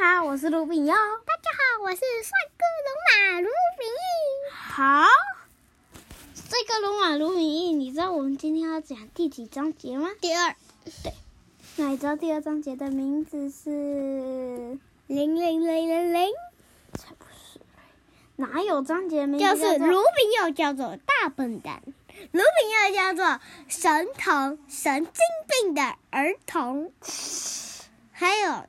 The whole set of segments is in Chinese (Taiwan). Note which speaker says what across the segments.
Speaker 1: 大家好，我是盧炳耀。大家好，我是帥哥龍馬盧炳耀。好，帥哥龍馬盧炳耀，你知道我們今天要講第幾章節嗎？第二。對。那你知道第二章節的名字是？零零零零零，才不是。哪有章節名字？就是盧炳耀叫做大笨蛋，盧炳耀叫做神童、神經病的兒童，還有。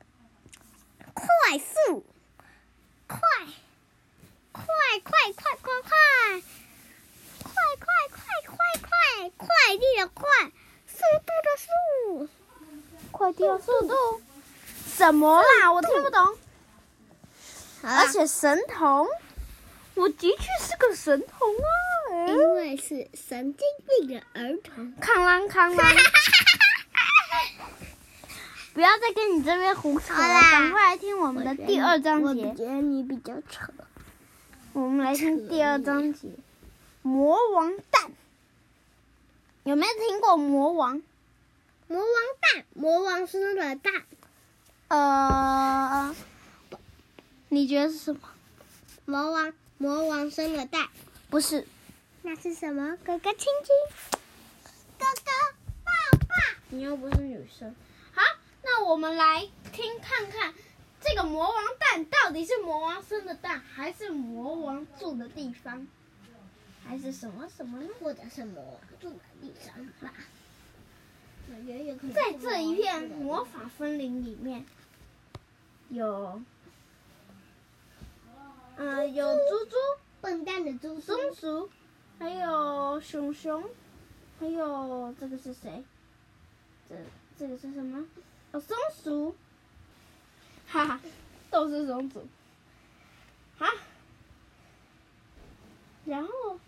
Speaker 1: 快遞的快，速度的速，快遞速度，速度什麼啦？我聽不懂。啊、而且神童，我的確是個神童啊。因為是神經病的兒童。康康康康， 不要再跟你這邊胡扯了，啦趕快來聽我們的第二章節。我覺得你比較扯。我們來聽第二章節，魔王蛋。有沒有聽過魔王？魔王蛋，魔王生的蛋。呃，你覺得是什麼？魔王，魔王生的蛋，不是。那是什麼？哥哥親親，哥哥抱抱。你又不是女生。好，那我們來聽看看，這個魔王蛋到底是魔王生的蛋，還是魔王住的地方？還是什麼什麼，或者什麼，住在地上吧。在這一片魔法森林裡面，有，呃、有豬豬，笨蛋的豬豬，松鼠，還有熊熊，還有這個是誰？這個、這個是什麼？小、哦、松鼠。哈哈，都是松鼠。哈。然後。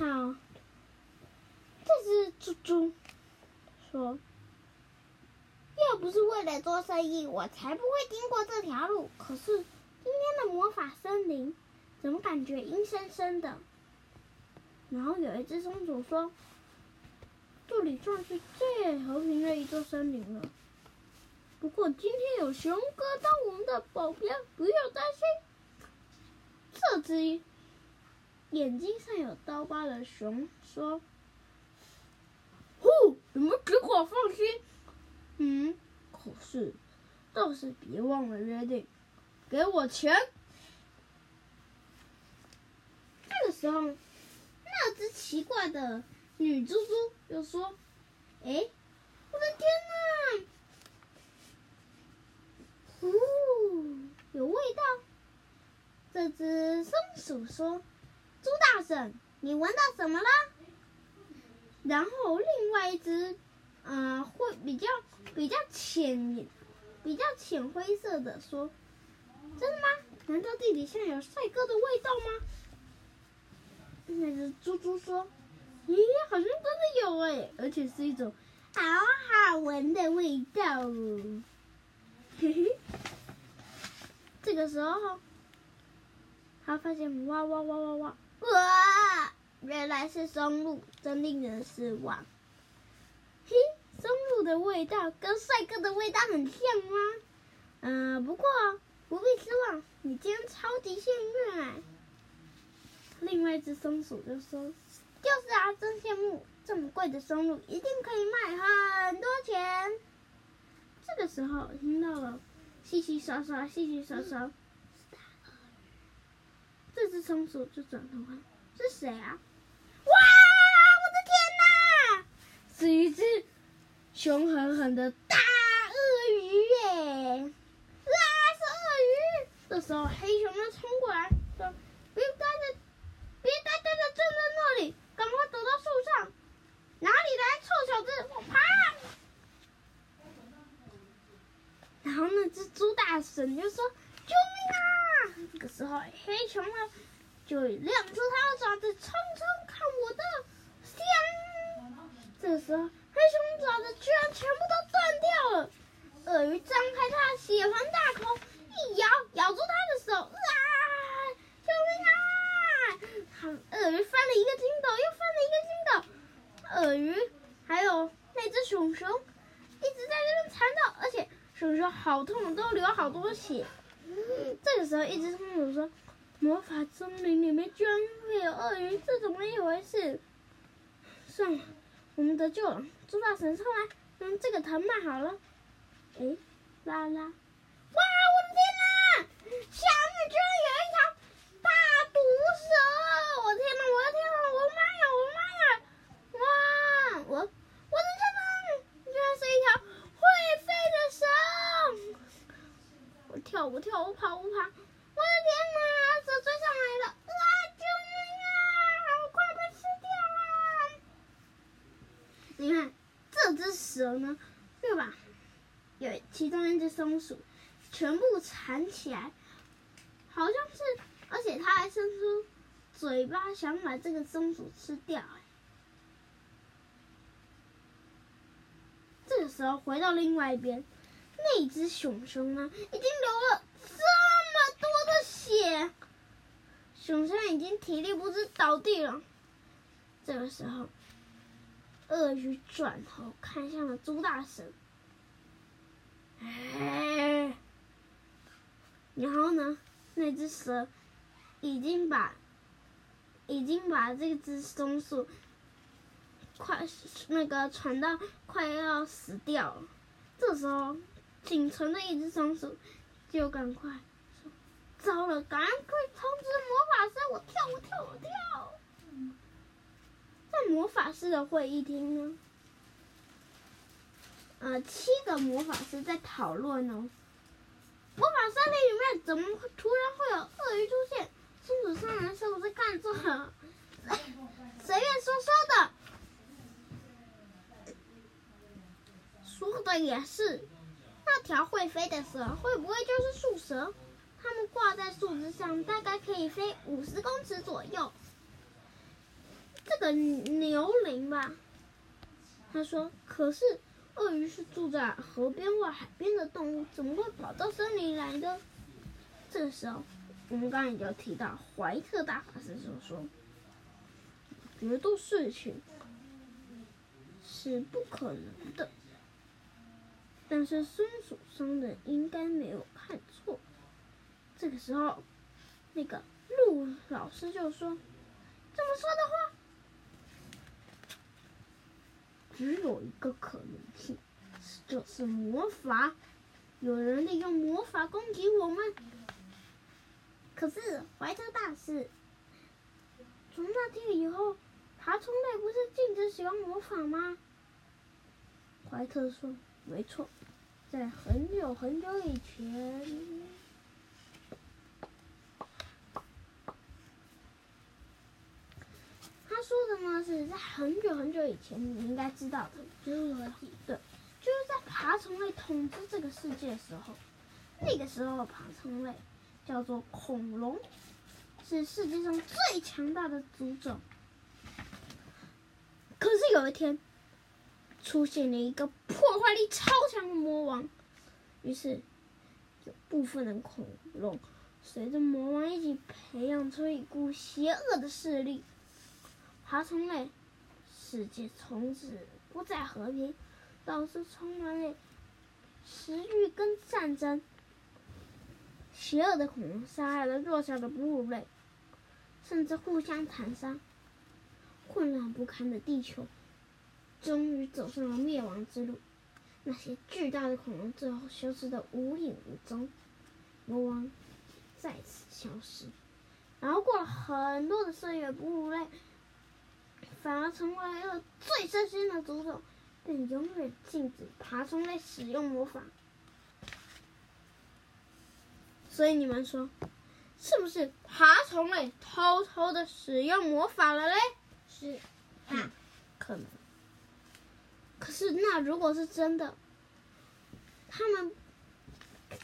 Speaker 1: 好、哦，這隻蜘蛛說：“要不是為了做生意，我才不會經過這條路。可是今天的魔法森林怎麼感覺陰森森的？”然後有一隻松鼠說：“這裡算是最和平的一座森林了，不過今天有熊哥當我們的保鏢，不要擔心。”這隻。眼睛上有刀疤的熊說：“呼，你們只管放心。嗯，可是，倒是別忘了約定，給我錢。”這個時候，那只奇怪的女豬豬又說：“哎，我的天哪！呼，有味道。”這只松鼠說。豬大嬸，你聞到什麼了？然後另外一隻，嗯、呃，會比較比較淺，比較淺灰色的說：“真的嗎？難道地底下有帥哥的味道嗎？”那隻豬豬說：“咦，好像真的有、哎、欸，而且是一種好好聞的味道。”嘿嘿，這個時候，他發現哇哇哇哇哇！哇，原來是松露，真令人失望。嘿，松露的味道跟帥哥的味道很像嗎？呃，不過不必失望，你今天超級幸運啊。另外一隻松鼠就說：“就是啊，真羨慕，這麼貴的松露一定可以賣很多錢。”這個時候，聽到了，嘻嘻刷刷，嘻嘻刷刷。嗯這只松鼠就轉頭問：“是誰啊？”“哇，我的天哪！”是一隻兇狠狠的大鱷魚耶！啊，是鱷魚！這時候黑熊們衝過來說：“別呆呆，別呆呆的站在那裡，趕快躲到樹上！”哪裡來臭小子？我爬、啊！然後那只豬大神就說：“救命啊！”熊了，就亮出他的爪子，衝衝看我的！香！這個時候，黑熊爪子居然全部都斷掉了。鱷魚張開它的血盆大口，一咬，咬住它的手！啊！救命啊！好！
Speaker 2: 鱷魚翻了一個筋斗，又
Speaker 1: 翻了一個筋斗。鱷魚還有那隻熊熊，一直在那邊纏鬥，而且熊熊好痛，都流好多血。嗯，這個時候，一隻松鼠說。魔法森林裡面居然會有鱷魚，這怎麼一回事？算了，我們得救了。豬大神上來，用這個藤蔓好了。哎、欸，拉拉！哇，我的天哪！下面居然有一條大毒蛇！我的天哪！我的天哪！我媽呀！我媽呀！哇，我我的天哪！你居然是一條會飛的蛇！我跳我跳！我跑我跑！我蛇呢，又把有其中一隻松鼠全部纏起來，好像是，而且它還伸出嘴巴想把這個松鼠吃掉、欸。這個時候，回到另外一邊，那隻熊熊呢，已經流了這麼多的血，熊熊已經體力不支倒地了。這個時候。鱷魚轉頭看向了豬大嬸，然後呢，那只蛇已經把已經把這只松鼠快那個傳到快要死掉了。這時候，僅存的一只松鼠就趕快，糟了，趕快通知魔法師，我跳，我跳，我跳。魔法師的會議廳呢？嗯、呃，七個魔法師在討論呢、哦。魔法森林裡面怎麼會突然會有鱷魚出現？松鼠三人是不是看錯了？隨便說說的。說的也是。那條會飛的蛇會不會就是樹蛇？它們掛在樹枝上，大概可以飛五十公尺左右。這個牛鈴吧，他說：“可是，鱷魚是住在河邊或海邊的動物，怎麼會跑到森林來的？”這個時候，我們剛才就提到懷特大法師就說：“決鬥事情是不可能的。”但是，松鼠商人應該沒有看錯。這個時候，那個陸老師就說：“這麼說的話。”只有一個可能性，就是魔法。有人利用魔法攻擊我們。可是懷特大師，從那天以後，爬蟲類不是禁止使用魔法嗎？懷特說：“沒錯，在很久很久以前。”那是在很久很久以前，你應該知道的，侏羅紀。對，就是在爬蟲類統治這個世界的時候，那個時候的爬蟲類叫做恐龍，是世界上最強大的族種。可是有一天，出現了一個破壞力超強的魔王，於是有部分的恐龍隨着魔王一起培養出一股邪惡的勢力。爬蟲類，世界從此不再和平，到處充滿了食慾跟戰爭。邪惡的恐龍殺害了弱小的哺乳類，甚至互相殘殺，混亂不堪的地球，終於走上了滅亡之路。那些巨大的恐龍最後消失得無影無蹤，魔王再次消失。然後過了很多的歲月，哺乳類。反而成為了最先進的族種，並永遠禁止爬蟲類使用魔法。所以你們說，是不是爬蟲類偷偷的使用魔法了嘞？是、嗯，可能。可是，那如果是真的，他們，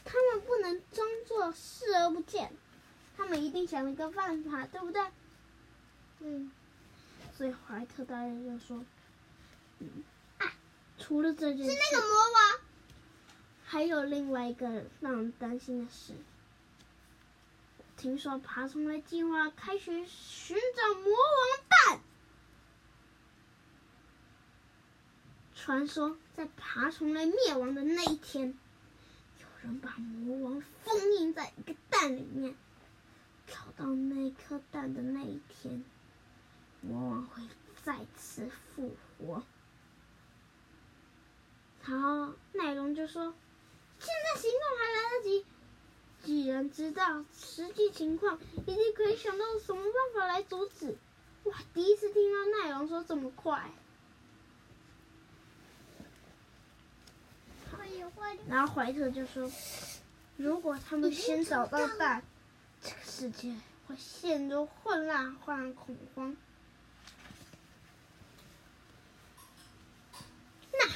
Speaker 1: 他們不能裝作視而不見，他們一定想了一個辦法，對不對？嗯。所以懷特大人又說，嗯啊：“除了這件事，是那個魔王，還有另外一個讓人擔心的事。聽說爬蟲類計劃開始尋找魔王蛋。傳說在爬蟲類滅亡的那一天，有人把魔王封印在一個蛋裡面。找到那顆蛋的那一天。”魔王會再次復活。我然後奈龍就說：“現在行動還來得及，既然知道實際情況，一定可以想到什麼辦法來阻止。”哇！第一次聽到奈龍說這麼快。然後懷特就說：“如果他們先找到蛋，這個世界會陷入混亂，或恐慌。”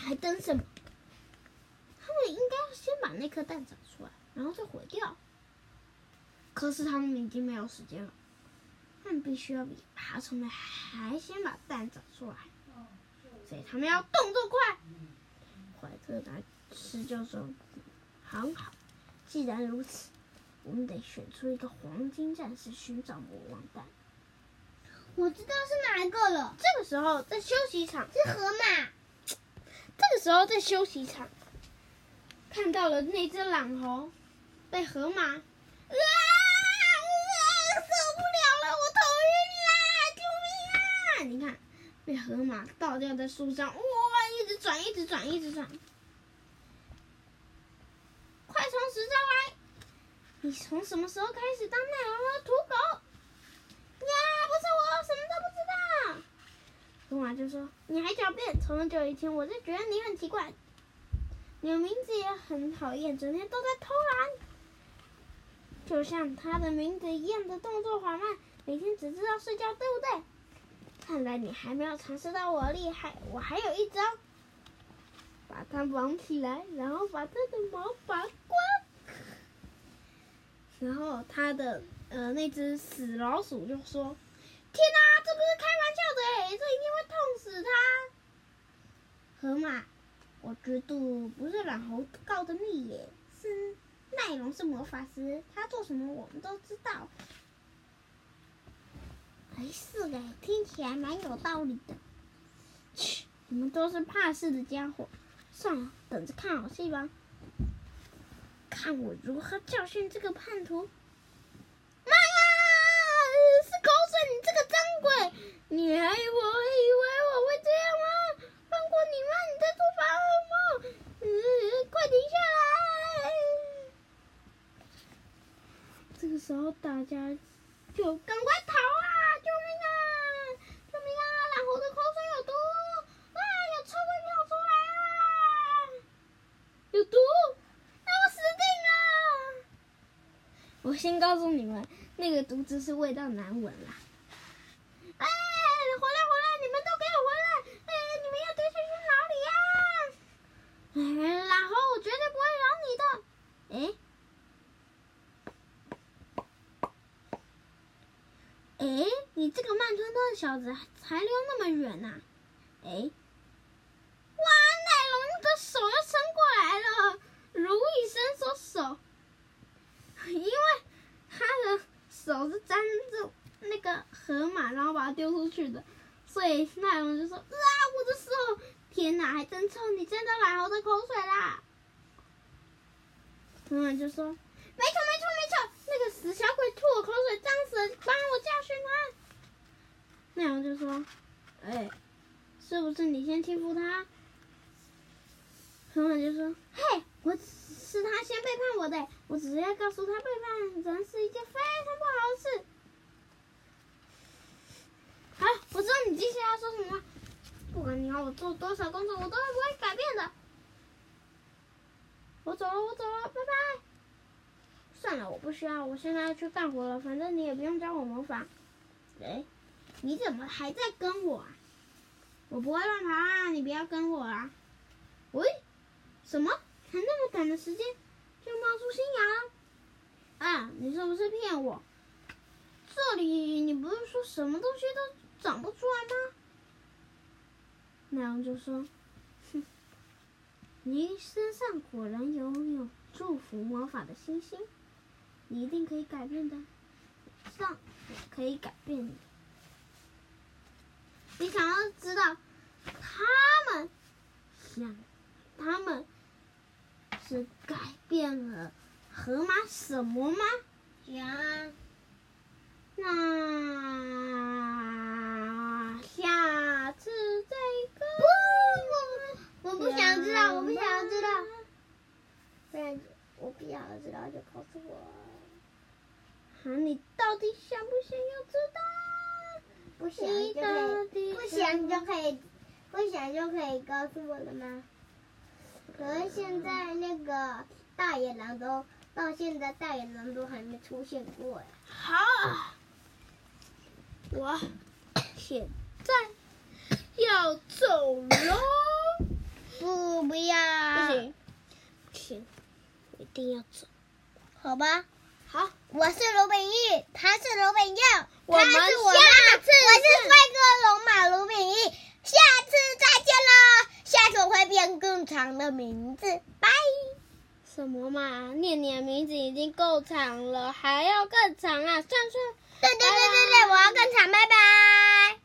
Speaker 1: 還等什麼？他們應該先把那顆蛋找出來，然後再毀掉。可是他們已經沒有時間了。他們必須要比爬蟲們還先把蛋找出來，所以他們要動作快。懷特大師就說：“很好，好，既然如此，我們得選出一個黃金戰士尋找魔王蛋。”我知道是哪一個了。這個時候在休息場是河馬。啊時候在休息場看到了那隻懶猴，被河馬，啊！我受不了了，我頭暈啦！救命啊！你看，被河馬倒吊在樹上，哇、哦！一直轉，一直轉，一直轉！直轉快從實招來！你從什麼時候開始當奈良的土狗？就說你還狡辯！從很久以前我就覺得你很奇怪，你的名字也很討厭，整天都在偷懶，就像他的名字一樣的動作緩慢，每天只知道睡覺，對不對？看來你還沒有嘗試到我厲害，我還有一招，把它綁起來，然後把他的毛拔光，然後他的呃那隻死老鼠就說：“天哪，這不是開玩笑！”是他，河馬，我覺得不是懶猴告的密耶，是奈龍是魔法師，他做什麼我們都知道。沒、哎、是的，聽起來蠻有道理的。你們都是怕事的家伙，算了，等着看好戲吧，看我如何教訓這個叛徒。告訴你們，那個毒汁是味道難聞了。哎，回來回來，你們都給我回來！哎，你們要丟下去去哪裡呀？哎，老猴，我絕對不會饒你的。哎，哎，你這個慢吞吞的小子，還溜那麼遠呢？哎。所以奈人就說：“啊，我的手！天哪，還真臭！你沾到奶牛的口水啦！”春婉、嗯、就說：“沒錯，沒錯，沒錯！那個死小鬼吐我口水，髒死了！幫我教訓他！”奈人就說：“哎，是不是你先欺負他？”春婉、嗯、就說：“嘿，我是他先背叛我的，我只要告訴他背叛人是一件非常不好的事。”好、啊、我知道你接下來要說什麼嗎？不管你要、啊、我做多少工作，我都不會改變的。我走了，我走了，拜拜。算了，我不需要，我現在要去幹活了。反正你也不用教我魔法。哎、欸，你怎麼還在跟我啊？我不會亂跑啊！你不要跟我啊！喂，什麼？才那麼短的時間就冒出新芽了？啊，你是不是騙我？這裡，你不是說什麼東西都？長不出來嗎？那樣就說，哼，你身上果然有有祝福魔法的星星，你一定可以改變的，我可以改變你。你想要知道，他們想，他們是改變了河馬什麼嗎？呀，那。知道就告訴我，啊！你到底想不想要知道不？不想就可以，不想就可以，不想就可以告訴我了嗎？可是現在那個大野狼都到現在，大野狼都還沒出現過呀！好，我現在要走了。不，不要！不行，不行。一定要做，好吧？好，我是盧本義，他是盧本義，他是我爸，我，我，我是帥哥龍馬盧本義，下次再見咯，下次我會變更長的名字，拜。什麼嘛？念你的名字已經夠長了，還要更長啊？算算，拜拜對，對對對對對，我要更長，拜拜。